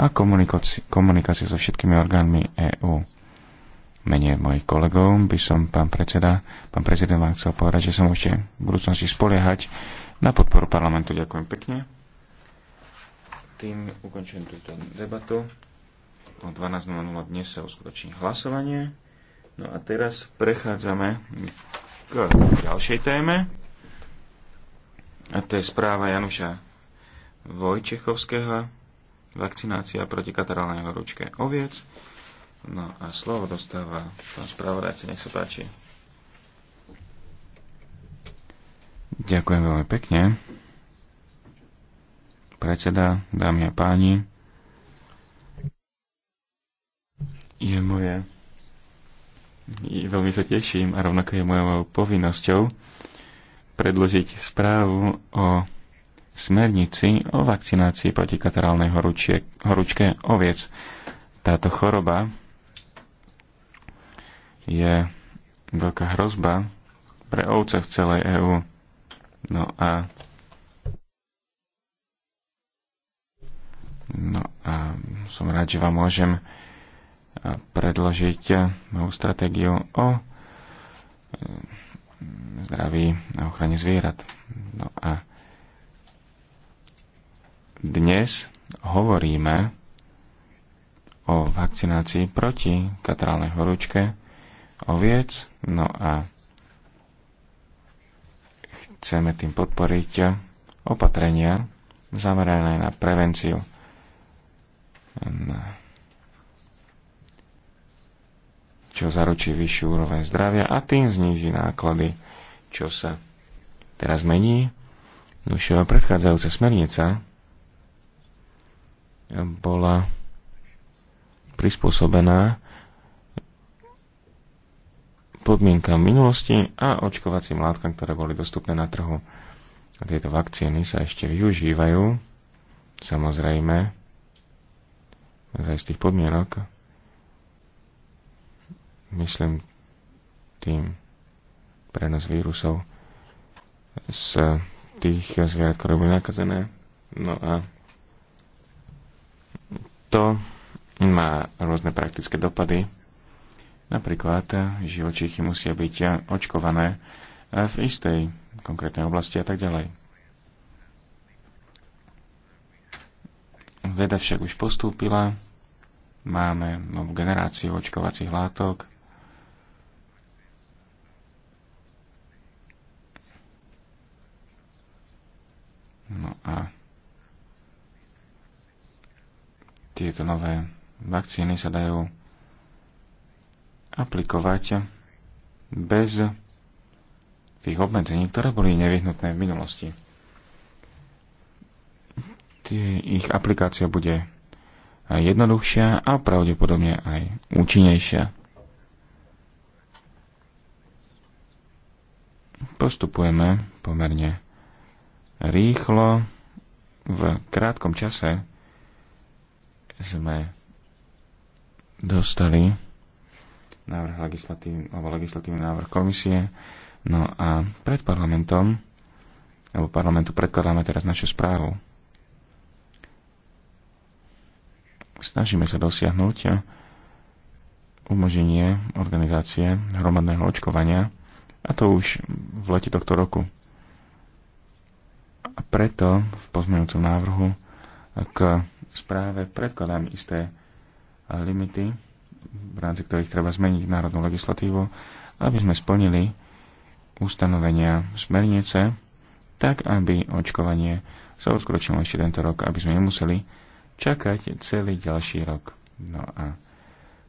a komunikácie komunikácie so všetkými orgánmi EÚ. Menej mojich kolegov by som, pán predseda, pán prezident vám chcel povedať, že sa môžete v budúcnosti spoliehať na podporu parlamentu. Ďakujem pekne. Tým ukončujem túto debatu. O 12.00 dnes sa uskutoční hlasovanie. No a teraz prechádzame k ďalšej téme. A to je správa Januša Vojčechovského vakcinácia proti katarálnej horúčke oviec. No a slovo dostáva pán spravodajca, nech sa páči. Ďakujem veľmi pekne. Predseda, dámy a páni, je moje... Veľmi sa teším a rovnako je mojou povinnosťou predložiť správu o smernici o vakcinácii proti katarálnej horúčie, horúčke oviec. Táto choroba je veľká hrozba pre ovce v celej EÚ. No a No a som rád, že vám môžem predložiť novú stratégiu o e, zdraví a ochrane zvierat. No a dnes hovoríme o vakcinácii proti katrálnej horúčke oviec, no a chceme tým podporiť opatrenia zamerané na prevenciu. čo zaručí vyššiu úroveň zdravia a tým zniží náklady, čo sa teraz mení. Už predchádzajúca smernica bola prispôsobená podmienkam minulosti a očkovacím látkam, ktoré boli dostupné na trhu. Tieto vakcíny sa ešte využívajú, samozrejme, za istých podmienok. Myslím tým prenos vírusov z tých zvierat, ktoré boli nakazené. No a to má rôzne praktické dopady. Napríklad eh, živočichy musia byť eh, očkované eh, v istej konkrétnej oblasti a tak ďalej. Veda však už postúpila, máme novú generáciu očkovacích látok, No a tieto nové vakcíny sa dajú aplikovať bez tých obmedzení, ktoré boli nevyhnutné v minulosti. Ich aplikácia bude jednoduchšia a pravdepodobne aj účinnejšia. Postupujeme pomerne rýchlo. V krátkom čase sme dostali návrh legislatív, alebo legislatívny návrh komisie. No a pred parlamentom, alebo parlamentu predkladáme teraz našu správu. Snažíme sa dosiahnuť umoženie organizácie hromadného očkovania, a to už v lete tohto roku. A preto v pozmeňujúcom návrhu k správe predkladám isté limity, v rámci ktorých treba zmeniť národnú legislatívu, aby sme splnili ustanovenia smernice, tak aby očkovanie sa uskročilo ešte tento rok, aby sme nemuseli čakať celý ďalší rok. No a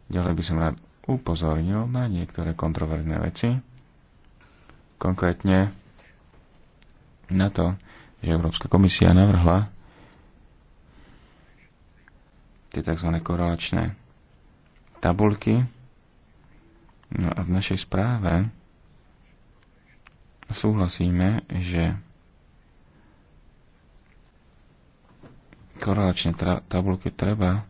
ďalej by som rád upozornil na niektoré kontroverzné veci, konkrétne na to, že Európska komisia navrhla tie tzv. korelačné tabulky. No a v našej správe súhlasíme, že korelačné tabulky treba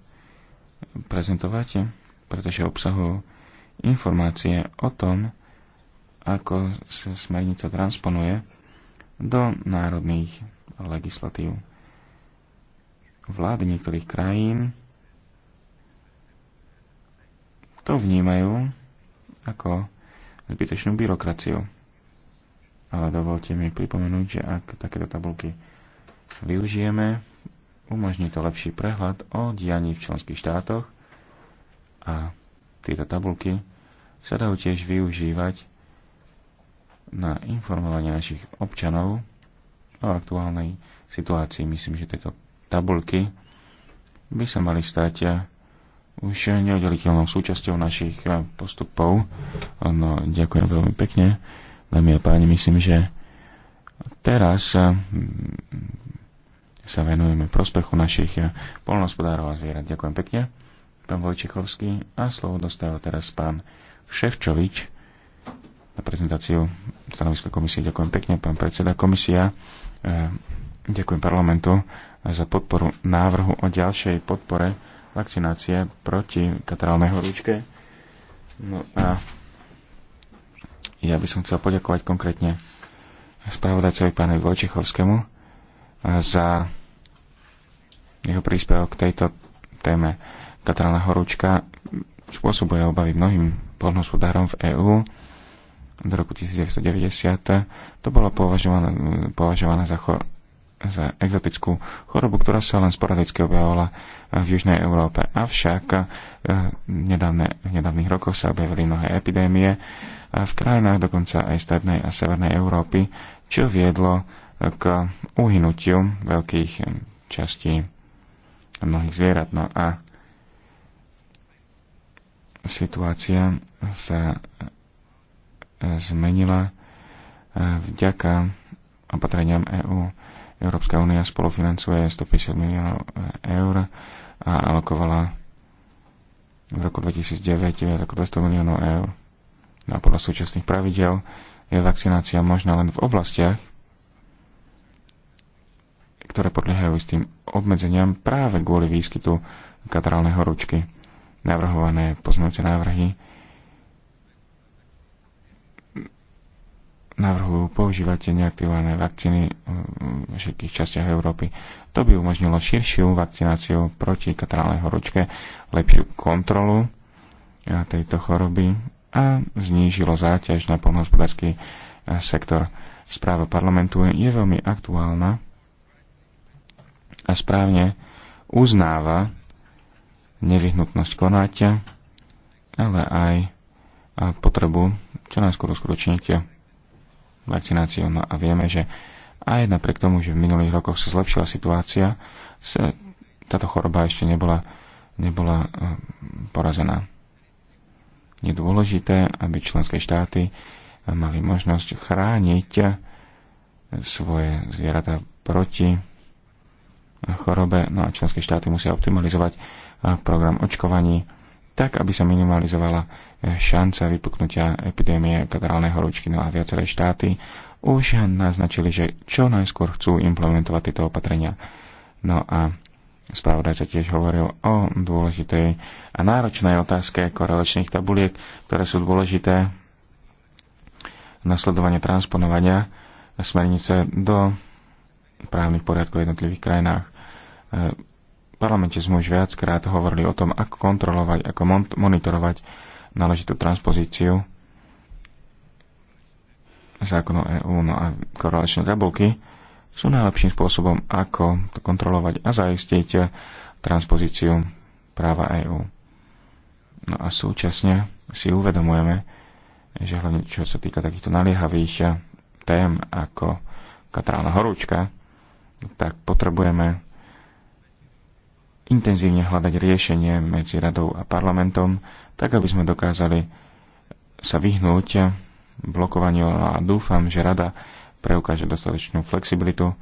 prezentovať, pretože obsahujú informácie o tom, ako sa smernica transponuje do národných legislatív. Vlády niektorých krajín to vnímajú ako zbytočnú byrokraciu. Ale dovolte mi pripomenúť, že ak takéto tabulky využijeme, umožní to lepší prehľad o dianí v členských štátoch a tieto tabulky sa dajú tiež využívať na informovanie našich občanov o aktuálnej situácii. Myslím, že tieto tabulky by sa mali stať už neoddeliteľnou súčasťou našich eh, postupov. No, ďakujem veľmi pekne. Dámy a páni, myslím, že teraz eh, sa venujeme prospechu našich eh, polnospodárov a zvierat. Ďakujem pekne, pán Vojčichovský. A slovo dostáva teraz pán Ševčovič na prezentáciu stanoviska komisie. Ďakujem pekne, pán predseda komisia. Ďakujem parlamentu za podporu návrhu o ďalšej podpore vakcinácie proti katarálnej horúčke. No a ja by som chcel poďakovať konkrétne spravodajcovi pánovi Vojčechovskému za jeho príspevok k tejto téme. Katarálna horúčka spôsobuje obavy mnohým poľnohospodárom v EÚ do roku 1990. To bolo považované, považované za cho, za exotickú chorobu, ktorá sa len sporadicky objavovala v Južnej Európe. Avšak v, eh, nedávne, v nedávnych rokoch sa objavili mnohé epidémie eh, v krajinách dokonca aj strednej a severnej Európy, čo viedlo eh, k uhynutiu veľkých častí mnohých zvierat. No a situácia sa zmenila vďaka opatreniam EÚ. Európska únia spolufinancuje 150 miliónov eur a alokovala v roku 2009 viac ako 200 miliónov eur. No a podľa súčasných pravidel je vakcinácia možná len v oblastiach, ktoré podliehajú istým obmedzeniam práve kvôli výskytu katarálnej horúčky. Navrhované pozmeňujúce návrhy navrhujú používať neaktivované vakcíny v všetkých častiach Európy. To by umožnilo širšiu vakcináciu proti katrálnej horúčke, lepšiu kontrolu tejto choroby a znížilo záťaž na polnohospodársky e, sektor. Správa parlamentu je veľmi aktuálna a správne uznáva nevyhnutnosť konať, ale aj potrebu čo najskôr uskutočniť vakcináciou. No a vieme, že aj napriek tomu, že v minulých rokoch sa zlepšila situácia, sa táto choroba ešte nebola, nebola e, porazená. Je dôležité, aby členské štáty e, mali možnosť chrániť e, svoje zvieratá proti chorobe. No a členské štáty musia optimalizovať program očkovaní tak aby sa minimalizovala e, šanca vypuknutia epidémie katarálnej horúčky. No a viaceré štáty už naznačili, že čo najskôr chcú implementovať tieto opatrenia. No a spravodajca tiež hovoril o dôležitej a náročnej otázke korelačných tabuliek, ktoré sú dôležité nasledovanie transponovania smernice do právnych poriadkov v jednotlivých krajinách. E, parlamente sme už viackrát hovorili o tom, ako kontrolovať, ako monitorovať náležitú transpozíciu zákonov EÚ. No a korelačné tabulky sú najlepším spôsobom, ako to kontrolovať a zaistiť transpozíciu práva EÚ. No a súčasne si uvedomujeme, že hlavne čo sa týka takýchto naliehavých tém ako katrálna horúčka, tak potrebujeme intenzívne hľadať riešenie medzi radou a parlamentom, tak aby sme dokázali sa vyhnúť blokovaniu a dúfam, že rada preukáže dostatečnú flexibilitu,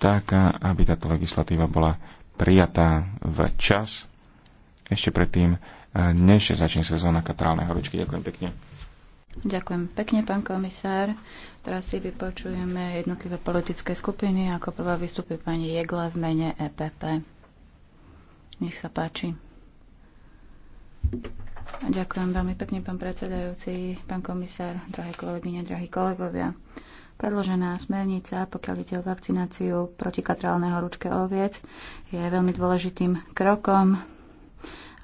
tak aby táto legislatíva bola prijatá v čas, ešte predtým, než začne sezóna katrálnej horúčky. Ďakujem pekne. Ďakujem pekne, pán komisár. Teraz si vypočujeme jednotlivé politické skupiny. Ako prvá vystupí pani Jegla v mene EPP. Nech sa páči. Ďakujem veľmi pekne, pán predsedajúci, pán komisár, drahé kolegyne, drahí kolegovia. Predložená smernica, pokiaľ ide o vakcináciu proti katrálneho horúčke oviec, je veľmi dôležitým krokom,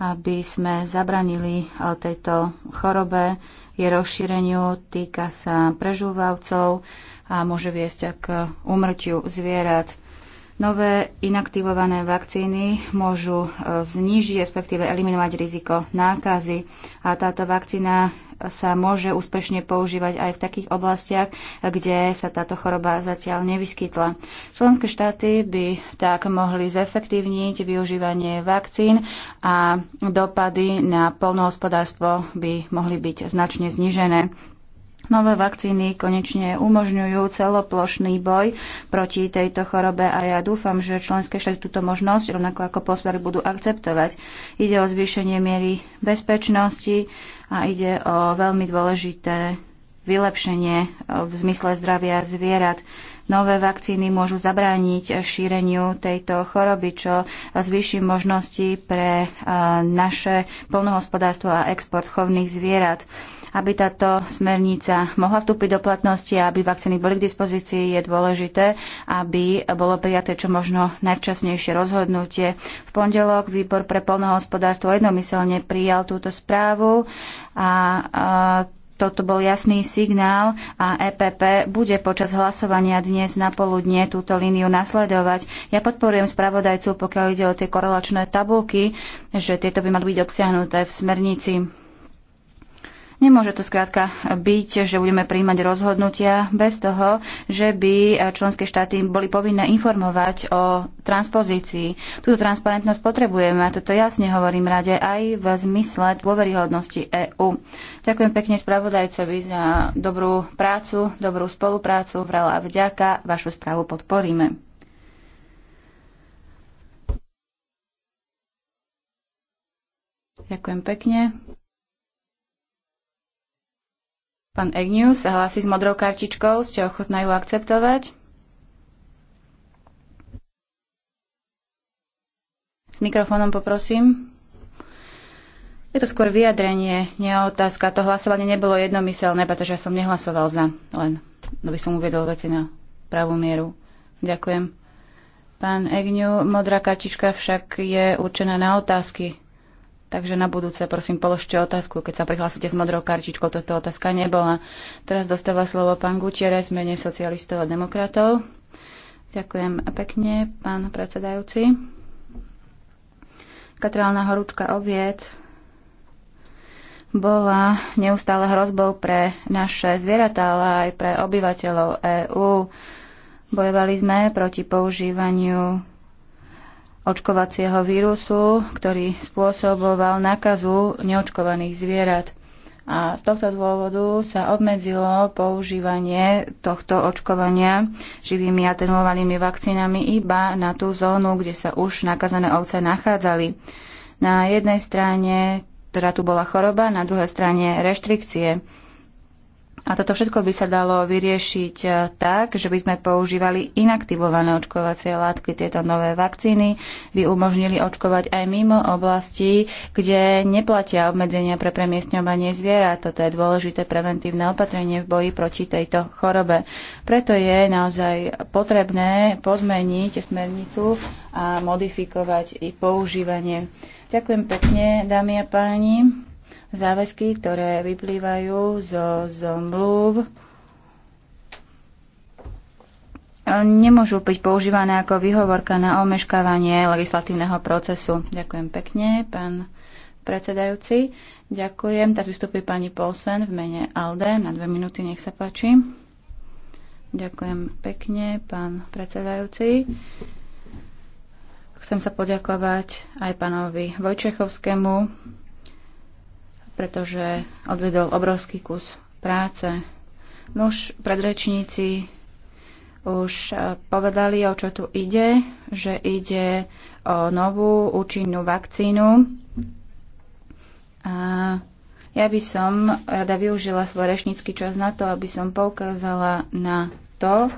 aby sme zabranili eh, tejto chorobe, je rozšíreniu, týka sa prežúvavcov a môže viesť k eh, úmrtiu zvierat. Nové inaktivované vakcíny môžu e, znížiť, respektíve eliminovať riziko nákazy. A táto vakcína sa môže úspešne používať aj v takých oblastiach, kde sa táto choroba zatiaľ nevyskytla. Členské štáty by tak mohli zefektívniť využívanie vakcín a dopady na polnohospodárstvo by mohli byť značne znížené. Nové vakcíny konečne umožňujú celoplošný boj proti tejto chorobe a ja dúfam, že členské štáty túto možnosť, rovnako ako posmer, budú akceptovať. Ide o zvýšenie miery bezpečnosti a ide o veľmi dôležité vylepšenie e, v zmysle zdravia zvierat. Nové vakcíny môžu zabrániť šíreniu tejto choroby, čo zvýši možnosti pre e, naše polnohospodárstvo a export chovných zvierat. Aby táto smernica mohla vstúpiť do platnosti a aby vakcíny boli k dispozícii, je dôležité, aby bolo prijaté čo možno najvčasnejšie rozhodnutie. V pondelok výbor pre polnohospodárstvo jednomyselne prijal túto správu a, a toto bol jasný signál a EPP bude počas hlasovania dnes na poludne túto líniu nasledovať. Ja podporujem spravodajcu, pokiaľ ide o tie korelačné tabulky, že tieto by mali byť obsiahnuté v smernici. Nemôže to skrátka byť, že budeme príjmať rozhodnutia bez toho, že by členské štáty boli povinné informovať o transpozícii. Túto transparentnosť potrebujeme a toto jasne hovorím rade aj v zmysle dôveryhodnosti EÚ. Ďakujem pekne spravodajcovi za dobrú prácu, dobrú spoluprácu, vrela vďaka, vašu správu podporíme. Ďakujem pekne. Pán Egniu sa hlási s modrou kartičkou. Ste ochotná ju akceptovať? S mikrofónom poprosím. Je to skôr vyjadrenie, nie otázka. To hlasovanie nebolo jednomyselné, pretože ja som nehlasoval za. Len no by som uviedol veci na pravú mieru. Ďakujem. Pán Egňu, modrá kartička však je určená na otázky. Takže na budúce prosím položte otázku, keď sa prihlásite s modrou kartičkou, toto otázka nebola. Teraz dostáva slovo pán Gutierrez, mene socialistov a demokratov. Ďakujem pekne, pán predsedajúci. Katrálna horúčka oviec bola neustále hrozbou pre naše zvieratá, ale aj pre obyvateľov EÚ. Bojovali sme proti používaniu očkovacieho vírusu, ktorý spôsoboval nákazu neočkovaných zvierat. A z tohto dôvodu sa obmedzilo používanie tohto očkovania živými atenuovanými vakcínami iba na tú zónu, kde sa už nakazané ovce nachádzali. Na jednej strane teda tu bola choroba, na druhej strane reštrikcie. A toto všetko by sa dalo vyriešiť e, tak, že by sme používali inaktivované očkovacie látky. Tieto nové vakcíny by umožnili očkovať aj mimo oblasti, kde neplatia obmedzenia pre premiestňovanie zvierat. Toto je dôležité preventívne opatrenie v boji proti tejto chorobe. Preto je naozaj potrebné pozmeniť smernicu a modifikovať i používanie. Ďakujem pekne, dámy a páni záväzky, ktoré vyplývajú zo zmluv, nemôžu byť používané ako vyhovorka na omeškávanie legislatívneho procesu. Ďakujem pekne, pán predsedajúci. Ďakujem. Teraz vystupí pani Polsen v mene ALDE. Na dve minúty, nech sa páči. Ďakujem pekne, pán predsedajúci. Chcem sa poďakovať aj pánovi Vojčechovskému pretože odvedol obrovský kus práce. Muž predrečníci už e, povedali, o čo tu ide, že ide o novú účinnú vakcínu. A ja by som rada využila svoj rečnícky čas na to, aby som poukázala na to,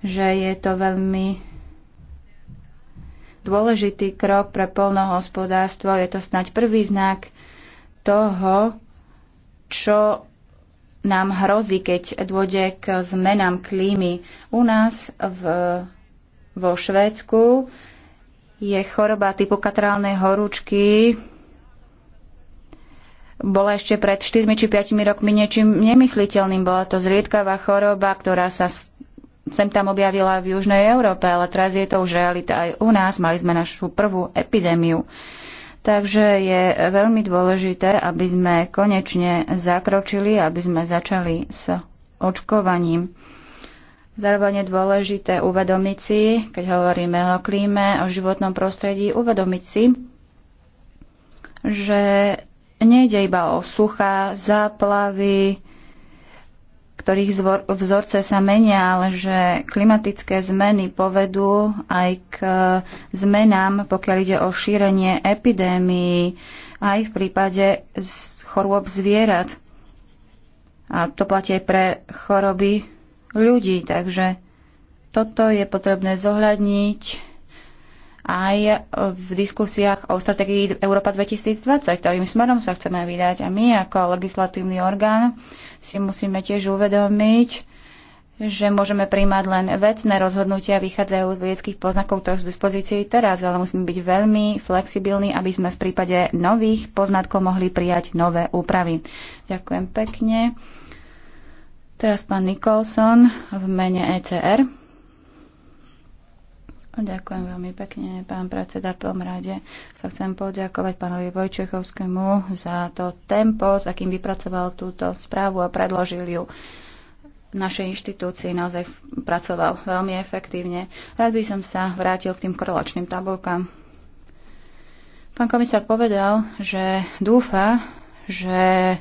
že je to veľmi dôležitý krok pre polnohospodárstvo. Je to snať prvý znak toho, čo nám hrozí, keď dôjde k zmenám klímy. U nás v, vo Švédsku je choroba typu katrálnej horúčky. Bola ešte pred 4 či 5 rokmi niečím nemysliteľným. Bola to zriedkavá choroba, ktorá sa sem tam objavila v Južnej Európe, ale teraz je to už realita aj u nás. Mali sme našu prvú epidémiu. Takže je veľmi dôležité, aby sme konečne zakročili, aby sme začali s očkovaním. Zároveň je dôležité uvedomiť si, keď hovoríme o klíme, o životnom prostredí, uvedomiť si, že nejde iba o suchá záplavy, ktorých vzorce sa menia, ale že klimatické zmeny povedú aj k e, zmenám, pokiaľ ide o šírenie epidémií, aj v prípade chorôb zvierat. A to platí aj pre choroby ľudí, takže toto je potrebné zohľadniť aj v diskusiách o strategii Európa 2020, ktorým smerom sa chceme vydať. A my ako legislatívny orgán si musíme tiež uvedomiť, že môžeme príjmať len vecné rozhodnutia vychádzajú z vedeckých poznakov, ktoré sú v dispozícii teraz, ale musíme byť veľmi flexibilní, aby sme v prípade nových poznatkov mohli prijať nové úpravy. Ďakujem pekne. Teraz pán Nikolson v mene ECR. Ďakujem veľmi pekne, pán predseda. V prvom rade sa chcem poďakovať pánovi Vojčechovskému za to tempo, s akým vypracoval túto správu a predložil ju našej inštitúcii naozaj pracoval veľmi efektívne. Rád by som sa vrátil k tým korelačným tabulkám. Pán komisár povedal, že dúfa, že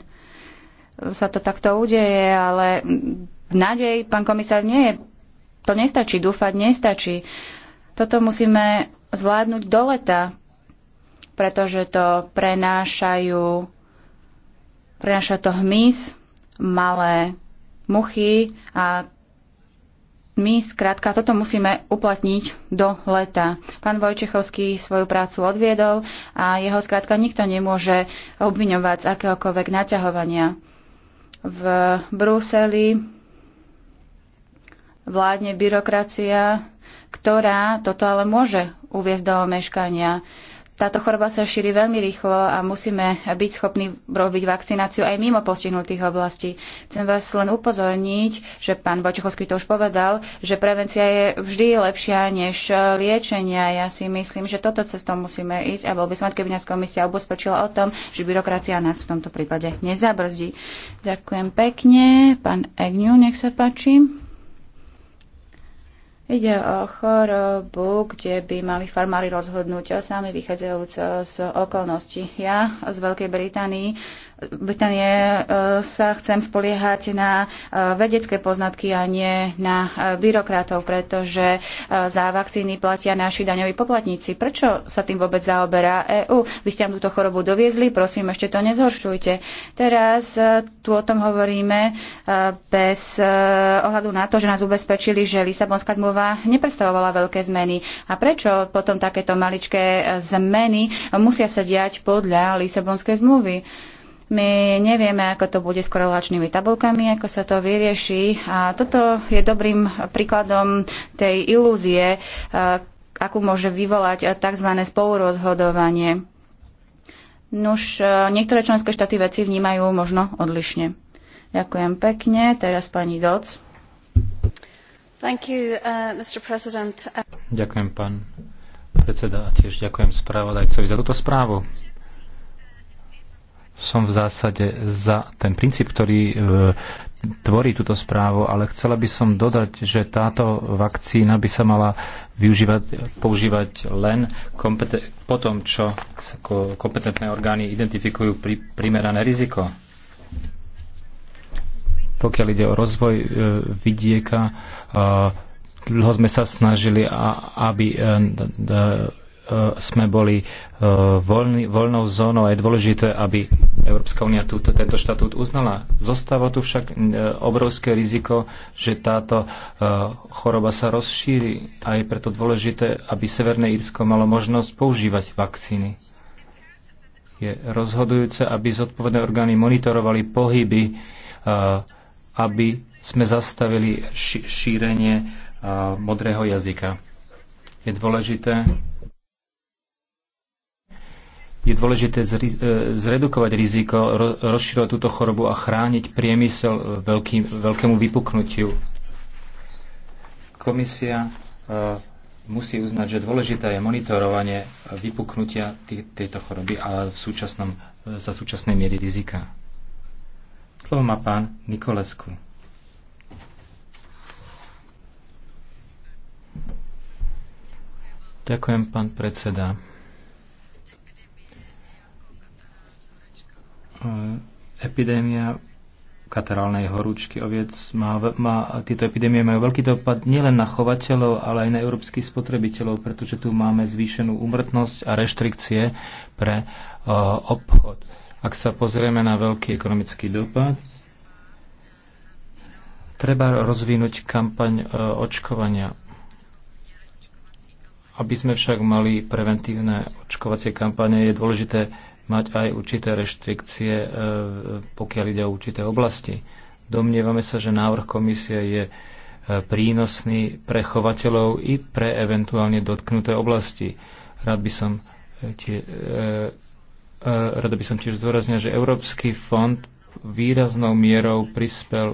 sa to takto udeje, ale nádej, pán komisár, nie je. To nestačí, dúfať nestačí. Toto musíme zvládnuť do leta, pretože to prenášajú, prenáša to hmyz, malé muchy a my skrátka toto musíme uplatniť do leta. Pán Vojčechovský svoju prácu odviedol a jeho skrátka nikto nemôže obviňovať z akéhokoľvek naťahovania. V Bruseli vládne byrokracia, ktorá toto ale môže uviezť do omeškania. Táto choroba sa šíri veľmi rýchlo a musíme byť schopní robiť vakcináciu aj mimo postihnutých oblastí. Chcem vás len upozorniť, že pán Vojčechovský to už povedal, že prevencia je vždy lepšia než liečenia. Ja si myslím, že toto cestou musíme ísť a bol by som, keby nás komisia ubezpečila o tom, že byrokracia nás v tomto prípade nezabrzdí. Ďakujem pekne. Pán Egňu, nech sa páči. Ide o chorobu, kde by mali farmári rozhodnúť sami vychádzajúc z okolností. Ja z Veľkej Británii Británie e, sa chcem spoliehať na e, vedecké poznatky a nie na e, byrokratov, pretože za vakcíny platia naši daňoví poplatníci. Prečo sa tým vôbec zaoberá EÚ? Vy ste nám túto chorobu doviezli, prosím, ešte to nezhoršujte. Teraz tu o tom hovoríme bez ohľadu na to, že nás ubezpečili, že Lisabonská zmluva nepredstavovala veľké zmeny. A prečo potom takéto maličké zmeny musia sa diať podľa Lisabonskej zmluvy? My nevieme, ako to bude s korelačnými tabulkami, ako sa to vyrieši. A toto je dobrým príkladom tej ilúzie, akú môže vyvolať tzv. spolurozhodovanie. Nuž, niektoré členské štáty veci vnímajú možno odlišne. Ďakujem pekne. Teraz pani Doc. Thank you, uh, Mr. President. Ďakujem, pán predseda, a tiež ďakujem správodajcovi za túto správu som v zásade za ten princíp, ktorý e, tvorí túto správu, ale chcela by som dodať, že táto vakcína by sa mala využívať, používať len po tom, čo kompetentné orgány identifikujú pri- primerané riziko. Pokiaľ ide o rozvoj e, vidieka, e, dlho sme sa snažili, a, aby e, E, sme boli e, voľný, voľnou zónou a je dôležité, aby Európska únia tento štatút uznala. Zostáva tu však e, obrovské riziko, že táto choroba sa rozšíri a je preto dôležité, aby Severné Írsko malo možnosť používať vakcíny. Je rozhodujúce, aby zodpovedné orgány monitorovali pohyby, aby sme zastavili šírenie modrého jazyka. Je dôležité, je dôležité e, zredukovať riziko, rozširovať túto chorobu a chrániť priemysel veľký, veľkému vypuknutiu. Komisia e, musí uznať, že dôležité je monitorovanie vypuknutia tejto choroby a v súčasnom, e, za súčasnej miery rizika. Slovo má pán Nikolesku. Ďakujem, pán predseda. Hm, epidémia katarálnej horúčky oviec má, má, tieto epidémie majú veľký dopad nielen na chovateľov, ale aj na európskych spotrebiteľov, pretože tu máme zvýšenú úmrtnosť a reštrikcie pre uh, obchod. Ak sa pozrieme na veľký ekonomický dopad, treba rozvinúť kampaň uh, očkovania. Aby sme však mali preventívne očkovacie kampane, je dôležité mať aj určité reštrikcie, e, pokiaľ ide o určité oblasti. Domnievame sa, že návrh komisie je e, prínosný pre chovateľov i pre eventuálne dotknuté oblasti. Rád by som, e, tie, rada by som tiež zdôraznil, že Európsky fond výraznou mierou prispel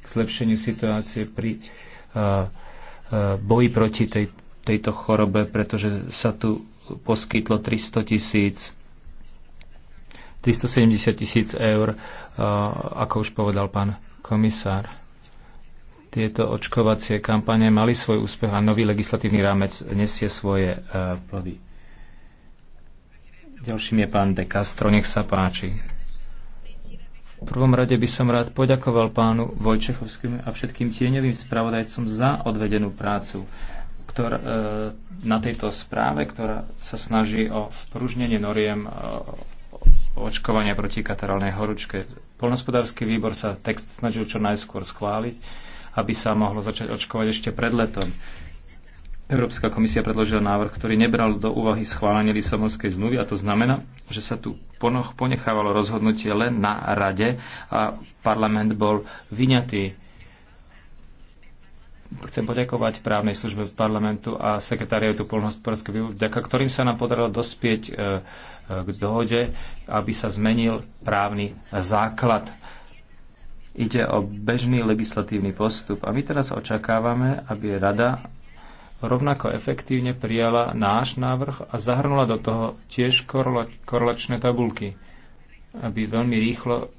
k zlepšeniu situácie pri boji proti tej, tejto chorobe, pretože sa tu poskytlo 300 tisíc 370 tisíc eur, eh, ako už povedal pán komisár. Tieto očkovacie kampane mali svoj úspech a nový legislatívny rámec nesie svoje eh, plody. Ďalším je pán De Castro, nech sa páči. V prvom rade by som rád poďakoval pánu Vojčechovskému a všetkým tieňovým spravodajcom za odvedenú prácu ktor, e, na tejto správe, ktorá sa snaží o spružnenie noriem e, očkovania proti katarálnej horúčke. Polnospodársky výbor sa text snažil čo najskôr schváliť, aby sa mohlo začať očkovať ešte pred letom. Európska komisia predložila návrh, ktorý nebral do úvahy schválenie Lisabonskej zmluvy a to znamená, že sa tu ponechávalo rozhodnutie len na rade a parlament bol vyňatý chcem poďakovať právnej službe parlamentu a sekretáriatu polnohospodárskeho výboru, vďaka ktorým sa nám podarilo dospieť e, e, k dohode, aby sa zmenil právny základ. Ide o bežný legislatívny postup a my teraz očakávame, aby Rada rovnako efektívne prijala náš návrh a zahrnula do toho tiež korelačné tabulky, aby veľmi rýchlo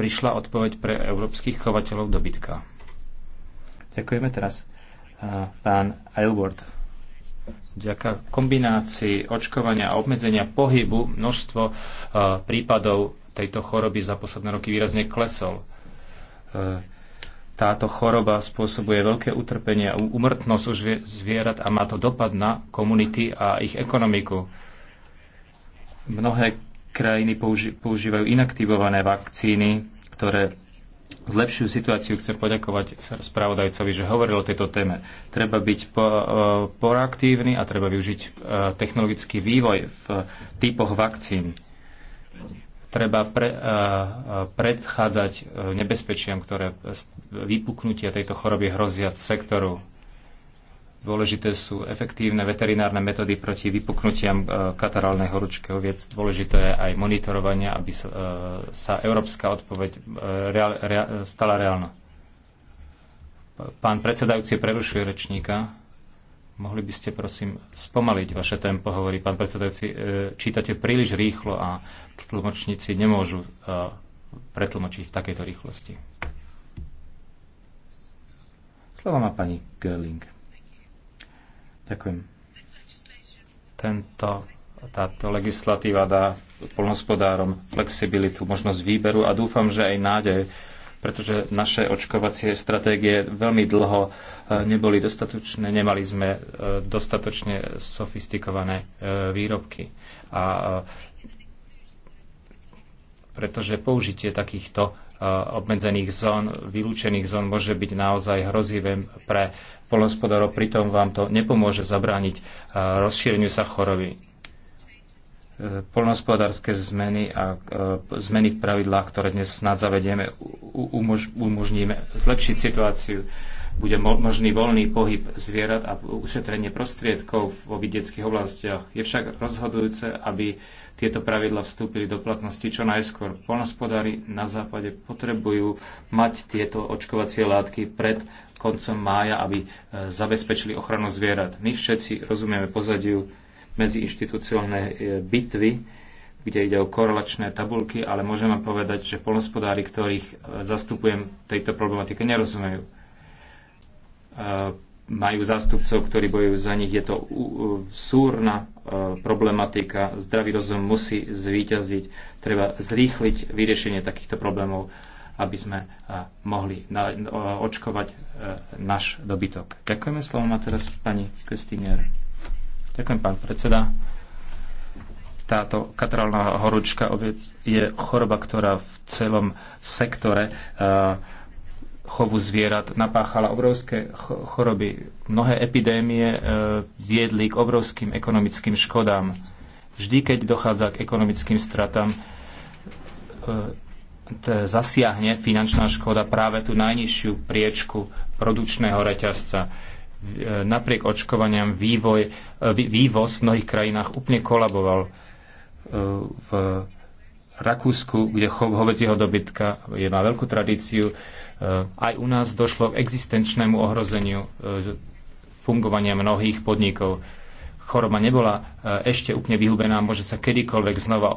prišla odpoveď pre európskych chovateľov dobytka. Ďakujeme teraz pán Aylward. Ďaká kombinácii očkovania a obmedzenia pohybu množstvo prípadov tejto choroby za posledné roky výrazne klesol. Táto choroba spôsobuje veľké utrpenie a umrtnosť už zvierat a má to dopad na komunity a ich ekonomiku. Mnohé krajiny používajú inaktivované vakcíny, ktoré Zlepšiu situáciu. Chcem poďakovať spravodajcovi, že hovoril o tejto téme. Treba byť po, e, proaktívny a treba využiť e, technologický vývoj v typoch vakcín. Treba pre, e, predchádzať nebezpečiam, ktoré vypuknutia tejto choroby hrozia sektoru. Dôležité sú efektívne veterinárne metódy proti vypuknutiam e, katarálnej horúčky oviec. Dôležité je aj monitorovanie, aby sa, e, sa európska odpoveď e, stala reálna. Pán predsedajúci prerušuje rečníka. Mohli by ste prosím spomaliť vaše tempo, hovorí pán predsedajúci. Čítate príliš rýchlo a tlmočníci nemôžu pretlmočiť v takejto rýchlosti. Slovo má pani Görling. Ďakujem. Tento, táto legislatíva dá polnospodárom flexibilitu, možnosť výberu a dúfam, že aj nádej, pretože naše očkovacie stratégie veľmi dlho e, neboli dostatočné, nemali sme e, dostatočne sofistikované e, výrobky. A pretože použitie takýchto obmedzených zón, vylúčených zón môže byť naozaj hrozivé pre polnospodárov, pritom vám to nepomôže zabrániť e, rozšíreniu sa choroby. E, Polnospodárske zmeny a e, zmeny v pravidlách, ktoré dnes snad zavedieme, umož, umožníme zlepšiť situáciu. Bude možný voľný pohyb zvierat a ušetrenie prostriedkov vo vidieckých oblastiach. Je však rozhodujúce, aby tieto pravidla vstúpili do platnosti čo najskôr. Polnospodári na západe potrebujú mať tieto očkovacie látky pred koncom mája, aby e, zabezpečili ochranu zvierat. My všetci rozumieme pozadiu medziinštitucionálnej e, bitvy, kde ide o korelačné tabulky, ale môžem vám povedať, že polnospodári, ktorých e, zastupujem tejto problematike, nerozumejú. Majú zástupcov, ktorí bojujú za nich. Je to súrna problematika. Zdravý rozum musí zvíťaziť. Treba zrýchliť vyriešenie takýchto problémov aby sme e, mohli očkovať e, náš dobytok. Ďakujeme, slovo má teraz pani Köstinger. Ďakujem, pán predseda. Táto katrálna horúčka oviec je choroba, ktorá v celom sektore e, chovu zvierat napáchala obrovské choroby. Mnohé epidémie viedli k obrovským ekonomickým škodám. Vždy, keď dochádza k ekonomickým stratám, zasiahne finančná škoda práve tú najnižšiu priečku produčného reťazca. E, napriek očkovaniam vývoj, e, vývoz v mnohých krajinách úplne kolaboval. E, v Rakúsku, kde chov hovedzieho dobytka je na veľkú tradíciu, aj u nás došlo k existenčnému ohrozeniu fungovania mnohých podnikov. Choroba nebola ešte úplne vyhubená, môže sa kedykoľvek znova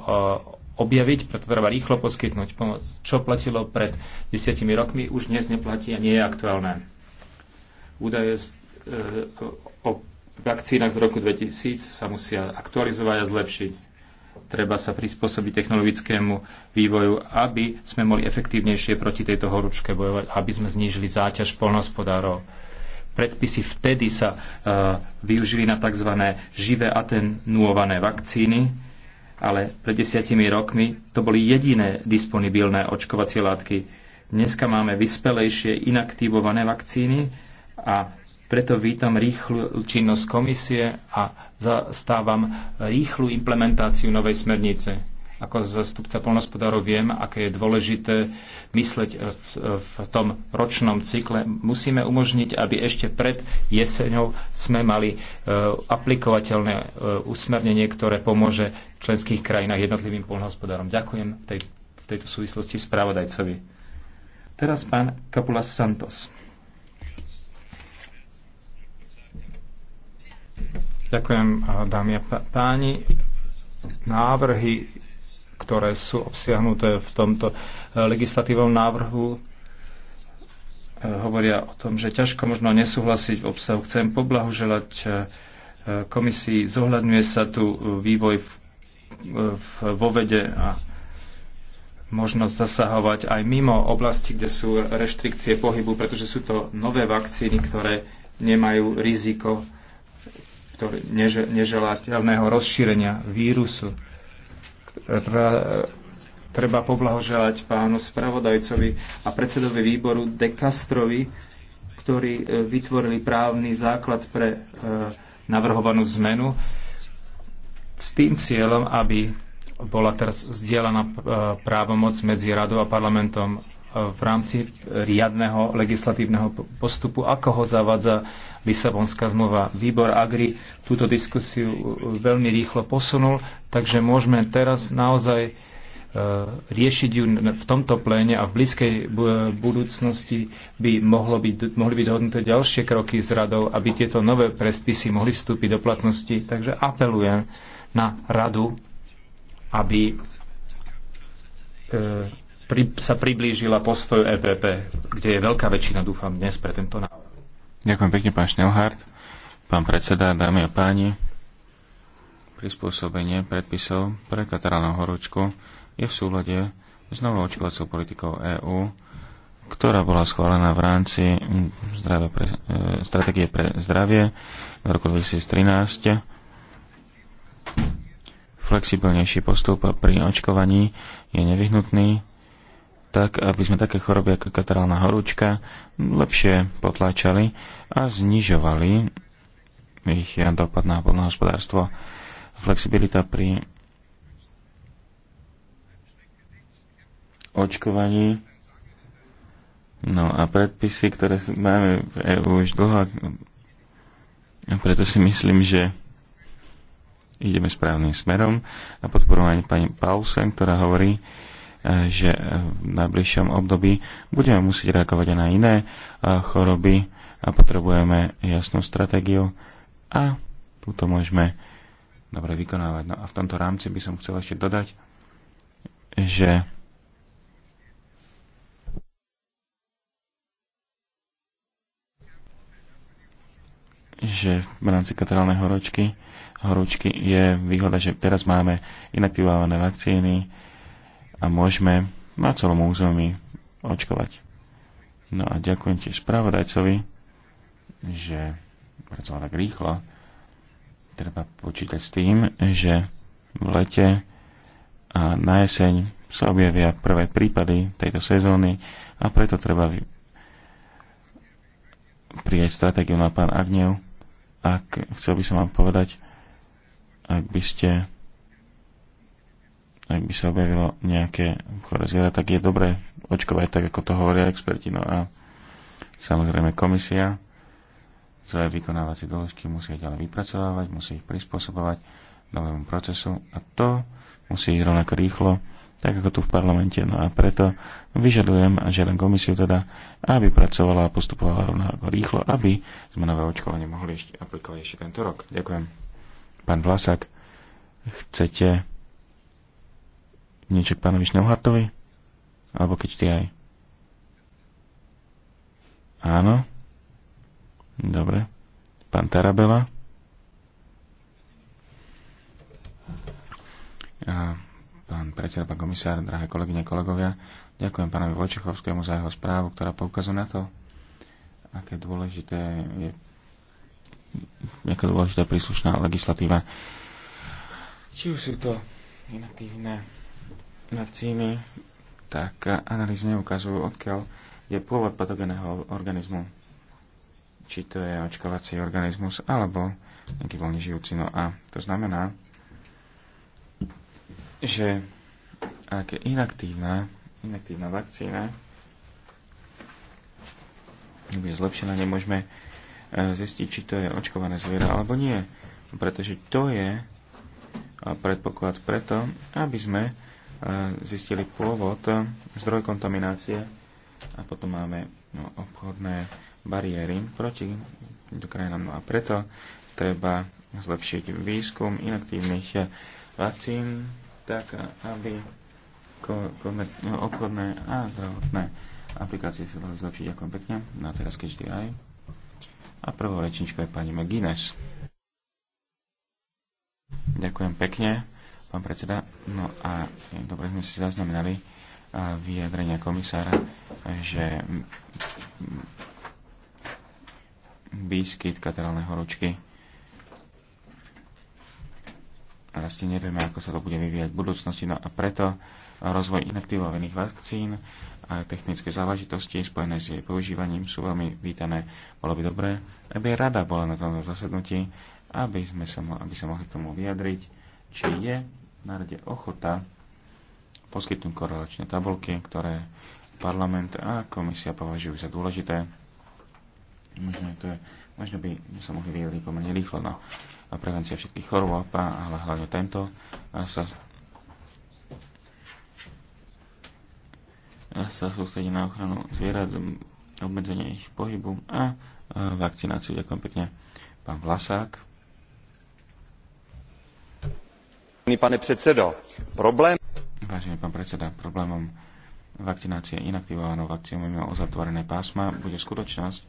objaviť, preto treba rýchlo poskytnúť pomoc. Čo platilo pred desiatimi rokmi, už dnes neplatí a nie je aktuálne. Údaje e, o vakcínach z roku 2000 sa musia aktualizovať a zlepšiť. Treba sa prispôsobiť technologickému vývoju, aby sme mohli efektívnejšie proti tejto horúčke bojovať, aby sme znížili záťaž polnospodárov. Predpisy vtedy sa uh, využili na tzv. živé atenuované vakcíny, ale pred desiatimi rokmi to boli jediné disponibilné očkovacie látky. Dneska máme vyspelejšie inaktivované vakcíny a preto vítam rýchlu činnosť komisie a zastávam rýchlu implementáciu novej smernice ako zastupca polnospodárov viem, aké je dôležité mysleť v, v tom ročnom cykle. Musíme umožniť, aby ešte pred jeseňou sme mali e, aplikovateľné e, usmernenie, ktoré pomôže členských krajinách jednotlivým polnohospodárom. Ďakujem v, tej, v tejto súvislosti správodajcovi. Teraz pán Kapulas Santos. Ďakujem, dámy a páni. Návrhy ktoré sú obsiahnuté v tomto e, legislatívnom návrhu, e, hovoria o tom, že ťažko možno nesúhlasiť v obsahu. Chcem poblahoželať e, komisii, zohľadňuje sa tu vývoj v, v, vo vede a možnosť zasahovať aj mimo oblasti, kde sú reštrikcie pohybu, pretože sú to nové vakcíny, ktoré nemajú riziko ktoré, neželateľného rozšírenia vírusu treba poblahoželať pánu spravodajcovi a predsedovi výboru De Castrovi, ktorí e, vytvorili právny základ pre e, navrhovanú zmenu s tým cieľom, aby bola teraz zdieľaná e, právomoc medzi radou a parlamentom v rámci riadneho legislatívneho postupu, ako ho zavádza Lisabonská zmluva. Výbor Agri túto diskusiu e, veľmi rýchlo posunul, takže môžeme teraz naozaj e, riešiť ju v tomto pléne a v blízkej budúcnosti by mohlo byť, mohli byť dohodnuté ďalšie kroky s radou, aby tieto nové prespisy mohli vstúpiť do platnosti. Takže apelujem na radu, aby e, pri, sa priblížila postoj EPP, kde je veľká väčšina, dúfam, dnes pre tento návrh. Ďakujem pekne, pán Šnelhardt. Pán predseda, dámy a páni, prispôsobenie predpisov pre katarálnu horúčku je v súlade s novou očkovacou politikou EÚ, ktorá bola schválená v rámci hm, zdravia pre, e, stratégie pre zdravie v roku 2013. Flexibilnejší postup pri očkovaní je nevyhnutný tak aby sme také choroby ako katarálna horúčka lepšie potláčali a znižovali ich dopad na podnohospodárstvo. Flexibilita pri očkovaní No a predpisy, ktoré máme v EU už dlho, a preto si myslím, že ideme správnym smerom a podporovanie pani Pausen, ktorá hovorí, E, že e, v najbližšom období budeme musieť reagovať aj na iné e, choroby a potrebujeme jasnú stratégiu a túto môžeme dobre vykonávať. No a v tomto rámci by som chcel ešte dodať, že že v rámci katerálnej horúčky, horúčky je výhoda, že teraz máme inaktivované vakcíny, a môžeme na celom území očkovať. No a ďakujem tiež spravodajcovi, že pracoval tak rýchlo. Treba počítať s tým, že v lete a na jeseň sa objavia prvé prípady tejto sezóny a preto treba prijať stratégiu na pán Agnev. Ak chcel by som vám povedať, ak by ste ak by sa objavilo nejaké choré zviera, tak je dobré očkovať tak, ako to hovoria experti. No a samozrejme komisia svoje vykonávacie doložky musí ďalej vypracovávať, musí ich prispôsobovať novému procesu a to musí ísť rovnako rýchlo, tak ako tu v parlamente. No a preto vyžadujem a žiadam komisiu teda, aby pracovala a postupovala rovnako rýchlo, aby sme nové očkovanie mohli ešte aplikovať ešte tento rok. Ďakujem. Pán Vlasak, chcete niečo k pánovi Šnelhartovi? Alebo keď ty aj? Áno. Dobre. Pán Tarabela. A pán predseda, pán komisár, drahé kolegyne, kolegovia, ďakujem pánovi Vojčechovskému za jeho správu, ktorá poukazuje na to, aké dôležité je aká dôležitá príslušná legislatíva. Či už sú to inatívne vakcíny, tak analýzy neukazujú, odkiaľ je pôvod patogeného organizmu. Či to je očkovací organizmus, alebo nejaký voľne žijúci. No a to znamená, že ak je inaktívna, inaktívna vakcína bude zlepšená, nemôžeme e, zistiť, či to je očkované zviera alebo nie. Pretože to je predpoklad preto, aby sme zistili pôvod, zdroj kontaminácie a potom máme no, obchodné bariéry proti krajinám. No a preto treba zlepšiť výskum inaktívnych vakcín tak, aby no, obchodné a zdravotné aplikácie sa dali zlepšiť. Ďakujem pekne. No a teraz keď aj. A prvou rečničkou je pani McGuinness. Ďakujem pekne pán predseda. No a dobre sme si zaznamenali e, vyjadrenia komisára, že výskyt katarálnej horúčky vlastne nevieme, ako sa to bude vyvíjať v budúcnosti. No a preto rozvoj inaktivovaných vakcín a technické záležitosti spojené s jej používaním sú veľmi vítané. Bolo by dobré, aby rada bola na tomto zasadnutí, aby sme sa, aby sa mohli k tomu vyjadriť, či je nájde ochota poskytnúť korelačné tabulky, ktoré parlament a komisia považujú za dôležité. Možno, to je, možno by sa mohli vyjadriť pomerne rýchlo na no. prevencia všetkých chorôb, ale hlavne tento a sa, a sa sústredí na ochranu zvierat, obmedzenie ich pohybu a, a vakcináciu. Ďakujem pekne. Pán Vlasák. Pane problém... Vážený pán predseda, problémom vakcinácie inaktivovanou vakcínou mimo uzatvorené pásma bude skutočnosť,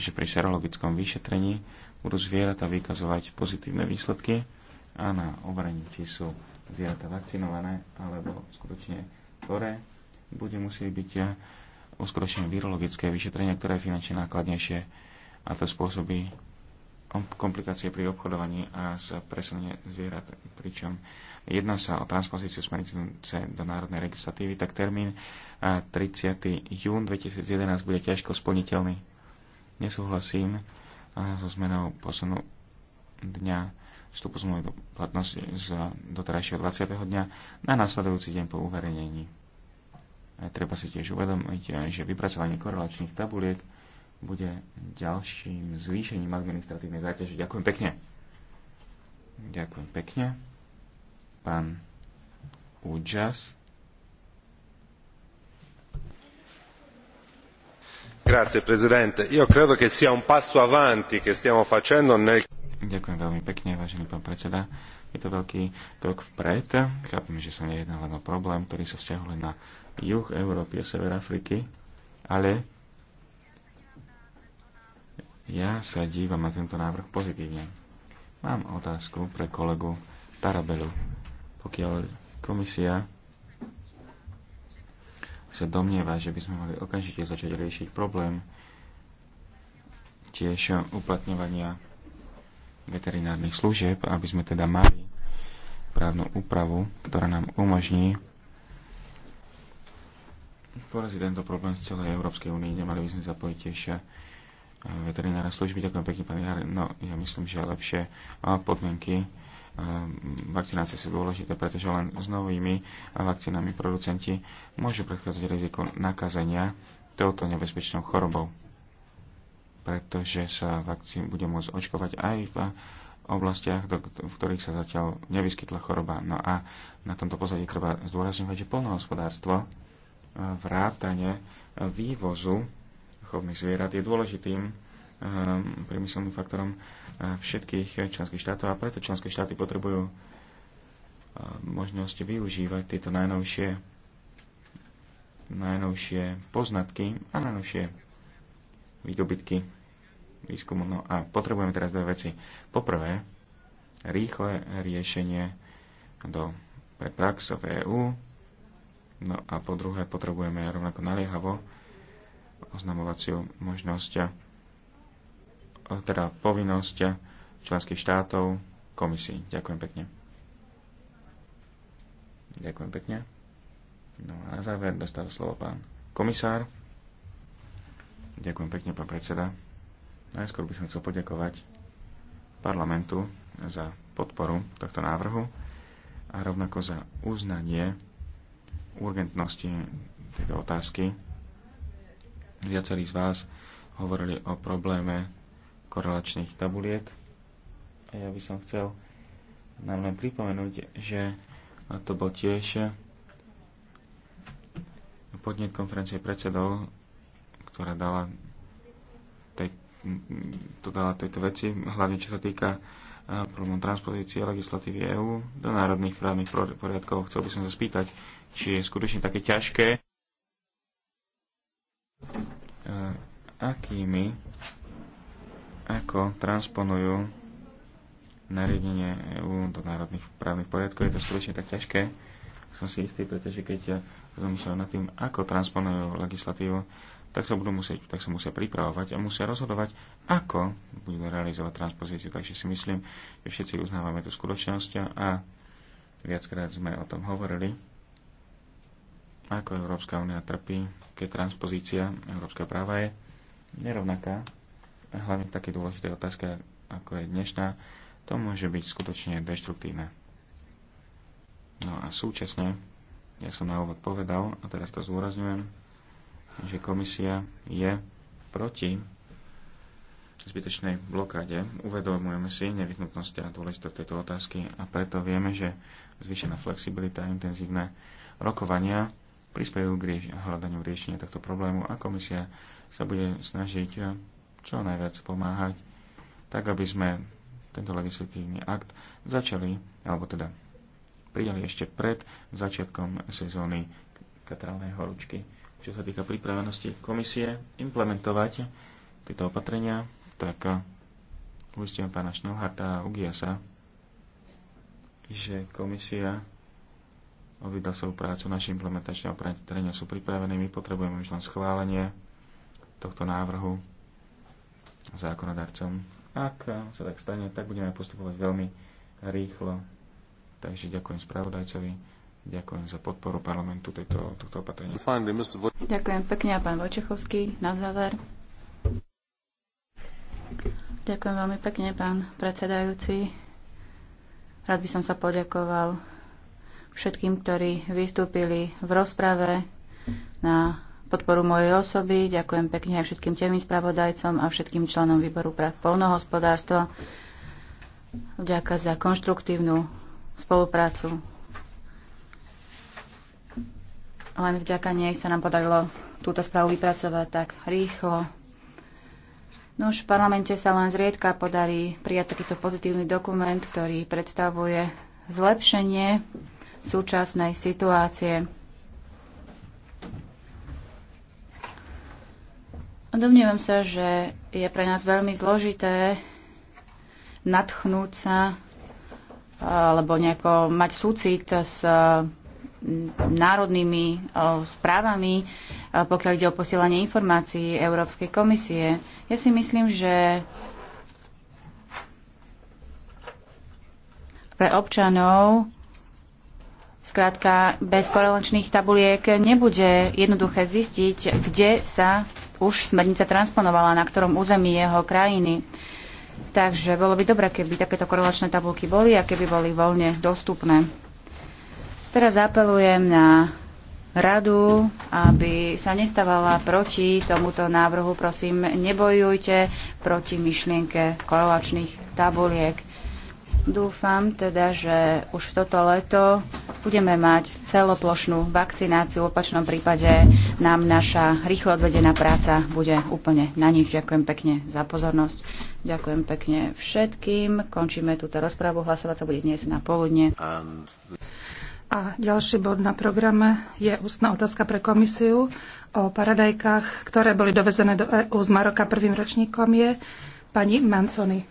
že pri serologickom vyšetrení budú zvieratá vykazovať pozitívne výsledky a na overení, či sú zvieratá vakcinované alebo skutočne chore, bude musieť byť eh, uskutočnené virologické vyšetrenie, ktoré je finančne nákladnejšie a to spôsobí komplikácie pri obchodovaní a z presunie zvierat, pričom jedná sa o transpozíciu smernice do národnej legislatívy, tak termín 30. jún 2011 bude ťažko splniteľný. Nesúhlasím so zmenou posunu dňa vstupu zmluvy do platnosti z doterajšieho 20. dňa na následujúci deň po uverejnení. Treba si tiež uvedomiť, že vypracovanie korelačných tabuliek bude ďalším zvýšením administratívnej záťaže. Ďakujem pekne. Ďakujem pekne. Pán Úžas. Grazie prezidente. Io credo che sia un passo avanti che stiamo facendo nel... Ďakujem veľmi pekne, vážený pán predseda. Je to veľký krok vpred. Chápem, že sa nejedná len o problém, ktorý sa vzťahuje na juh Európy a sever Afriky, ale ja sa dívam na tento návrh pozitívne. Mám otázku pre kolegu Tarabelu. Pokiaľ komisia sa domnieva, že by sme mali okamžite začať riešiť problém tiež uplatňovania veterinárnych služieb, aby sme teda mali právnu úpravu, ktorá nám umožní poraziť tento problém z celej Európskej únie. Nemali by sme zapojiť tiež veterinárne služby. Ďakujem pekne, pani Jare. No, ja myslím, že lepšie podmienky e, vakcinácie sú dôležité, pretože len s novými vakcínami producenti môžu predchádzať riziko nakazenia touto nebezpečnou chorobou. Pretože sa vakcín bude môcť očkovať aj v oblastiach, do, v ktorých sa zatiaľ nevyskytla choroba. No a na tomto pozadí treba zdôrazňovať, že polnohospodárstvo e, vrátane vývozu chovných zvierat je dôležitým ehm, priemyselným faktorom eh, všetkých členských štátov a preto členské štáty potrebujú eh, možnosť využívať tieto najnovšie, najnovšie poznatky a najnovšie výdobytky výskumu. No a potrebujeme teraz dve veci. Poprvé, rýchle riešenie do pre prax v EÚ. No a po druhé, potrebujeme rovnako naliehavo oznamovaciu možnosť, teda povinnosť členských štátov komisii. Ďakujem pekne. Ďakujem pekne. No a na záver dostal slovo pán komisár. Ďakujem pekne, pán predseda. Najskôr by som chcel poďakovať parlamentu za podporu tohto návrhu a rovnako za uznanie urgentnosti tejto otázky Viacerí z vás hovorili o probléme korelačných tabuliek. A ja by som chcel nám len pripomenúť, že to bol tiež podnet konferencie predsedov, ktorá dala tej, to dala tejto veci, hlavne čo sa týka problému transpozície legislatívy EÚ do národných právnych poriadkov. Chcel by som sa spýtať, či je skutočne také ťažké akými, ako transponujú nariadenie EÚ do národných právnych poriadkov. Je to skutočne tak ťažké, som si istý, pretože keď ja sa nad tým, ako transponujú legislatívu, tak sa budú musieť, tak sa musia pripravovať a musia rozhodovať, ako budú realizovať transpozíciu. Takže si myslím, že všetci uznávame tú skutočnosť a viackrát sme o tom hovorili ako Európska únia trpí, keď transpozícia európskeho práva je nerovnaká, hlavne v takej dôležitej otázke, ako je dnešná, to môže byť skutočne destruktívne. No a súčasne, ja som na úvod povedal, a teraz to zúrazňujem, že komisia je proti zbytočnej blokáde. Uvedomujeme si nevyhnutnosť a dôležitosť tejto otázky a preto vieme, že zvýšená flexibilita a intenzívne rokovania prispejú k rieš- hľadaniu riešenia tohto problému a komisia sa bude snažiť eh, čo najviac pomáhať, tak aby sme tento legislatívny akt začali, alebo teda prijali ešte pred začiatkom sezóny katrálnej horúčky. Čo sa týka pripravenosti komisie implementovať tieto opatrenia, tak eh, uistím pána Šnelharta a Ugiasa, že komisia odvydal svoju prácu, naši implementačné opatrenia sú pripravené, my potrebujeme už len schválenie tohto návrhu zákonodarcom. Ak sa tak stane, tak budeme postupovať veľmi rýchlo. Takže ďakujem spravodajcovi, ďakujem za podporu parlamentu tejto, tohto opatrenia. Ďakujem pekne a pán Vojčechovský na záver. Ďakujem veľmi pekne, pán predsedajúci. Rád by som sa poďakoval všetkým, ktorí vystúpili v rozprave na podporu mojej osoby. Ďakujem pekne aj všetkým temným spravodajcom a všetkým členom výboru pre polnohospodárstvo. Ďakujem za konštruktívnu spoluprácu. Len vďaka nej sa nám podarilo túto správu vypracovať tak rýchlo. No už v parlamente sa len zriedka podarí prijať takýto pozitívny dokument, ktorý predstavuje zlepšenie súčasnej situácie. Domnievam sa, že je pre nás veľmi zložité nadchnúť sa alebo nejako mať súcit s národnými správami, pokiaľ ide o posielanie informácií Európskej komisie. Ja si myslím, že pre občanov Skrátka, bez korelačných tabuliek nebude jednoduché zistiť, kde sa už smernica transponovala, na ktorom území jeho krajiny. Takže bolo by dobré, keby takéto korelačné tabulky boli a keby boli voľne dostupné. Teraz apelujem na radu, aby sa nestávala proti tomuto návrhu. Prosím, nebojujte proti myšlienke korelačných tabuliek. Dúfam teda, že už toto leto budeme mať celoplošnú vakcináciu. V opačnom prípade nám naša rýchlo odvedená práca bude úplne na nič. Ďakujem pekne za pozornosť. Ďakujem pekne všetkým. Končíme túto rozprávu. Hlasovať sa bude dnes na poludne. A ďalší bod na programe je ústna otázka pre komisiu o paradajkách, ktoré boli dovezené do EU z Maroka. Prvým ročníkom je pani Manconi.